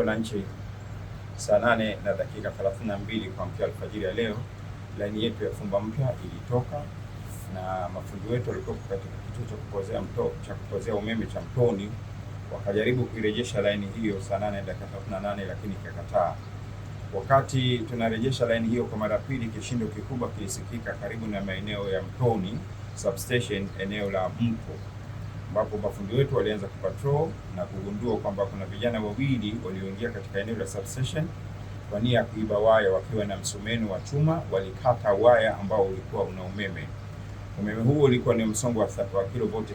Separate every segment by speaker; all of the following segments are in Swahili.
Speaker 1: Wananchi, saa nane na dakika 32 kwa mkia alfajiri ya leo, laini yetu ya Fumba Mpya ilitoka na mafundi wetu walikuwa katika kituo cha kupozea mto cha kupozea umeme cha Mtoni, wakajaribu kuirejesha laini hiyo saa nane dakika 38 lakini ikakataa. Wakati tunarejesha laini hiyo kwa mara pili, kishindo kikubwa kilisikika karibu na maeneo ya Mtoni substation, eneo la mko ambapo mafundi wetu walianza kupatrol na kugundua kwamba kuna vijana wawili walioingia katika eneo la substation kwa nia ya kuiba waya wakiwa na msumeno wa chuma. Walikata waya ambao ulikuwa una umeme. Umeme huo ulikuwa ni msongo wa kilovolti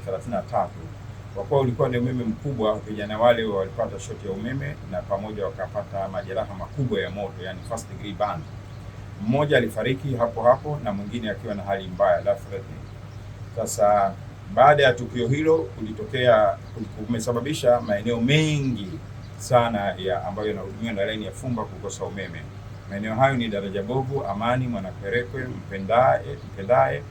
Speaker 1: 33. Kwa kuwa ulikuwa ni umeme mkubwa, vijana wale walipata shoti ya umeme na pamoja wakapata majeraha makubwa ya moto, yani first degree burn. Mmoja alifariki hapo hapo na mwingine akiwa na hali mbaya la sasa baada ya tukio hilo kulitokea, kumesababisha maeneo mengi sana ya ambayo yanahudumiwa na laini ya Fumba kukosa umeme. Maeneo hayo ni Daraja Bovu, Amani, Mwanakwerekwe, Mpendae, Mpendae,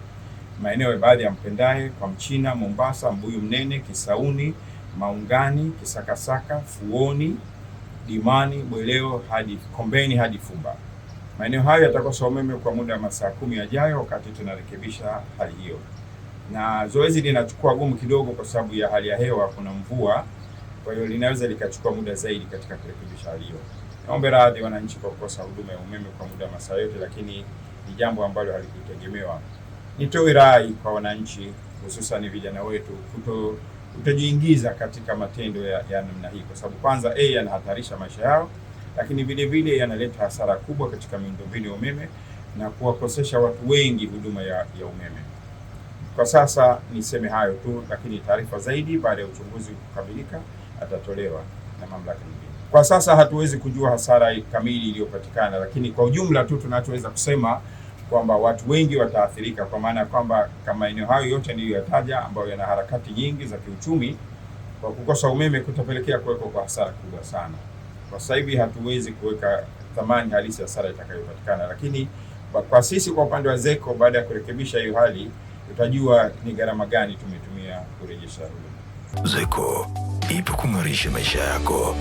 Speaker 1: maeneo ya baadhi ya Mpendae kwa Mchina, Mombasa, Mbuyu Mnene, Kisauni, Maungani, Kisakasaka, Fuoni, Dimani, Bweleo hadi Kombeni hadi Fumba. Maeneo hayo yatakosa umeme kwa muda wa masaa kumi yajayo wakati tunarekebisha hali hiyo na zoezi linachukua gumu kidogo kwa sababu ya hali ya hewa, kuna mvua, kwa hiyo linaweza likachukua muda zaidi katika kurekebisha hali hiyo. Naombe radhi wananchi kwa kukosa huduma ya umeme kwa muda wa masaa yote, lakini ni jambo ambalo halikutegemewa. Nitoe rai kwa wananchi, hususan vijana wetu, kuto kutojiingiza katika matendo ya, ya namna hii, kwa sababu kwanza a yanahatarisha maisha yao, lakini vile vile yanaleta hasara kubwa katika miundombinu ya umeme na kuwakosesha watu wengi huduma ya, ya umeme. Kwa sasa niseme hayo tu, lakini taarifa zaidi baada ya uchunguzi kukamilika atatolewa na mamlaka nyingine. Kwa sasa hatuwezi kujua hasara kamili iliyopatikana, lakini kwa ujumla tu tunachoweza kusema kwamba watu wengi wataathirika, kwa maana ya kwamba kama eneo hayo yote niliyoyataja ambayo yana harakati nyingi za kiuchumi, kwa kukosa umeme kutapelekea kuwekwa kwa hasara kubwa sana. Kwa sasa hivi hatuwezi kuweka thamani halisi hasara itakayopatikana, lakini kwa sisi kwa upande wa ZECO baada ya kurekebisha hiyo hali tutajua ni gharama gani tumetumia kurejesha huduma. ZECO ipo kung'arisha maisha yako.